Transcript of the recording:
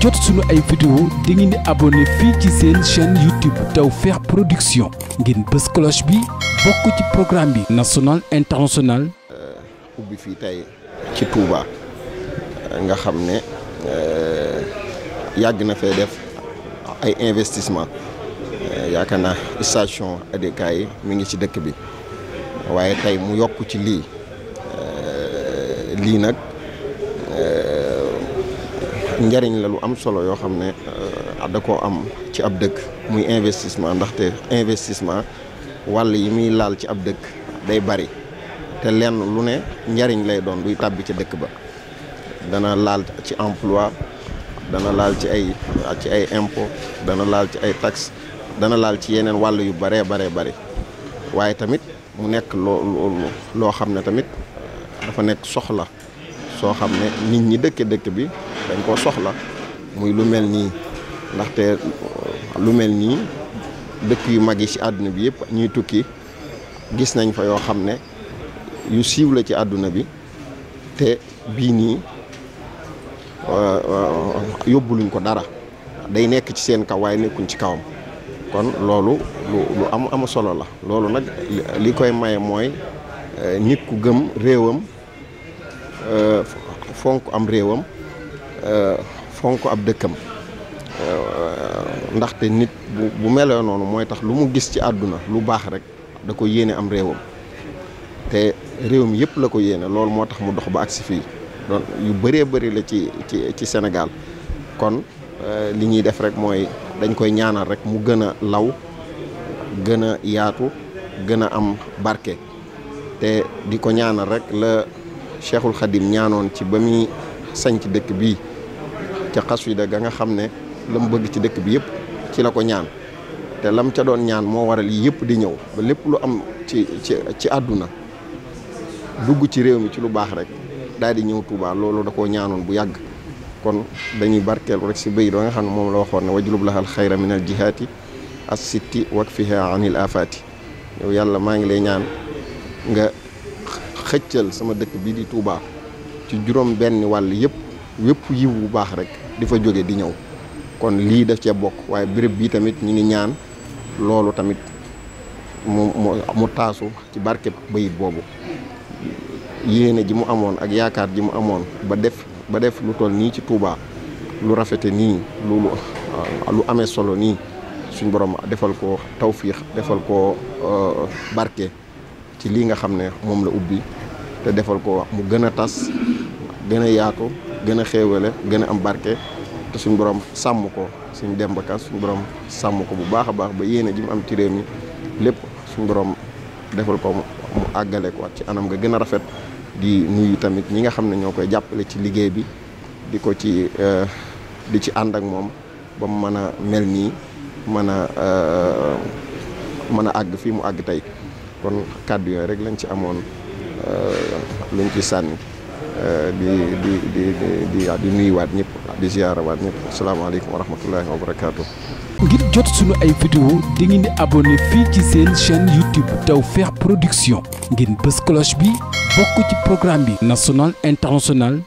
jot suñu ay vidéo da ngeen di abonné fii ci seen chaîne YouTube Tawfekh Production ngeen bës cloche bi bokk ci programme bi national international euh, ubbi fii tey ci Touba euh, nga xam ne euh, yàgg na fee def ay investissement yaakaar naa station ADK mu ngi ci dëkk bi waaye tey mu yokk ci lii lii nag njariñ la lu am solo yoo xam ne euh, da ko am ci ab dëkk muy investissement ndaxte investissement wàll yi muy laal ci ab dëkk day bari te lenn lu ne njariñ lay doon luy tàbbi ca dëkk ba dana laal ci emploi dana laal ci ay ci ay impôt dana laal ci ay taxe dana laal ci yeneen wàll yu baree baree bari waaye tamit mu nekk loo xam ne tamit euh, dafa nekk soxla soo xam ne nit ñi dëkk dëkk bi dañ koo soxla muy lu mel nii ndaxte euh, lu mel nii dëkk yu mag yi ci àdduna bi yëpp ñuy tukki gis nañ fa yoo xam ne yu siiw la ci àdduna bi te bii nii euh, euh, yóbbuluñ ko dara day nekk ci seen kaw waaye nekkuñ ci kawam kon loolu lu lu am am solo la loolu nag li koy maye mooy nit ku gëm réewam fonk am réewam Euh, fonk ab dëkkam euh, ndaxte nit bu bu melee noonu mooy tax lu mu gis ci àdduna lu baax rek da ko yéene am réewam te réew mi yëpp la ko yéene loolu moo tax mu dox ba agsi fii yu bëree bari la ci ci ci Sénégal kon euh, li ñuy def rek mooy dañ koy ñaanal rek mu gën a law gën a yaatu gën a am barke te di ko ñaanal rek la Cheikhul Khadim ñaanoon ci ba muy sanc dëkk bii ca xasida ga nga xam ne la mu bëgg ci dëkk bi yëpp ci la ko ñaan te lam ca doon ñaan moo waral yii yëpp di ñëw ba lépp lu am ci ci àdduna dugg ci réew mi ci lu baax rek daal di ñëw Touba loolu da koo ñaanoon bu yàgg kon dañuy barkeelu rek si béy doo nga xam ne moom la waxoon ne wajlub lahal xayra min al jihaati as sitti wakfiha anil afaati yow yàlla maa ngi lay ñaan nga xëccal sama dëkk bi di tuubaa ci juróom benn wàll yëpp yépp yiw bu baax rek di fa jóge di ñëw kon lii def cee bokk waaye béréb bii tamit ñu ngi ñaan loolu tamit mu mu taasu ci barke bayit boobu yéene ji mu amoon ak yaakaar ji mu amoon ba def ba def lu toll nii ci Touba lu rafete nii lu lu ah, amee solo nii suñ borom defal ko tawfiix defal ko euh, barke ci lii nga xam ne moom la ubbi te defal ko mu gën a tas gën a yaatu gën a xéewale gën a am barke te suñ borom sàmm ko suñ Demba Ka suñ borom sàmm ko bu baax a baax ba yéene ji mu am ci réew mi lépp suñ borom defal ko mu àggale ko ci anam nga gën a rafet di nuyu tamit ñi nga xam ne ñoo koy jàppale ci liggéey bi di ko ci euh, di ci ànd ak moom ba mu mën a mel nii mën a euh, mën a àgg fii mu àgg tey kon kàddu yooyu rek lañ ci amoon euh, luñ ci sànni Eh, di di di di di nuyuwaat ñëpp di ziyaarawaat ñëpp asalaamaaleykum wa rahmatullahi wa barakaatu. ngir jot sunu ay vidéo di ngeen di abonné fii ci seen chaîne YouTube Tawfekh Production ngeen bës cloche bi bokk ci programme bi national international.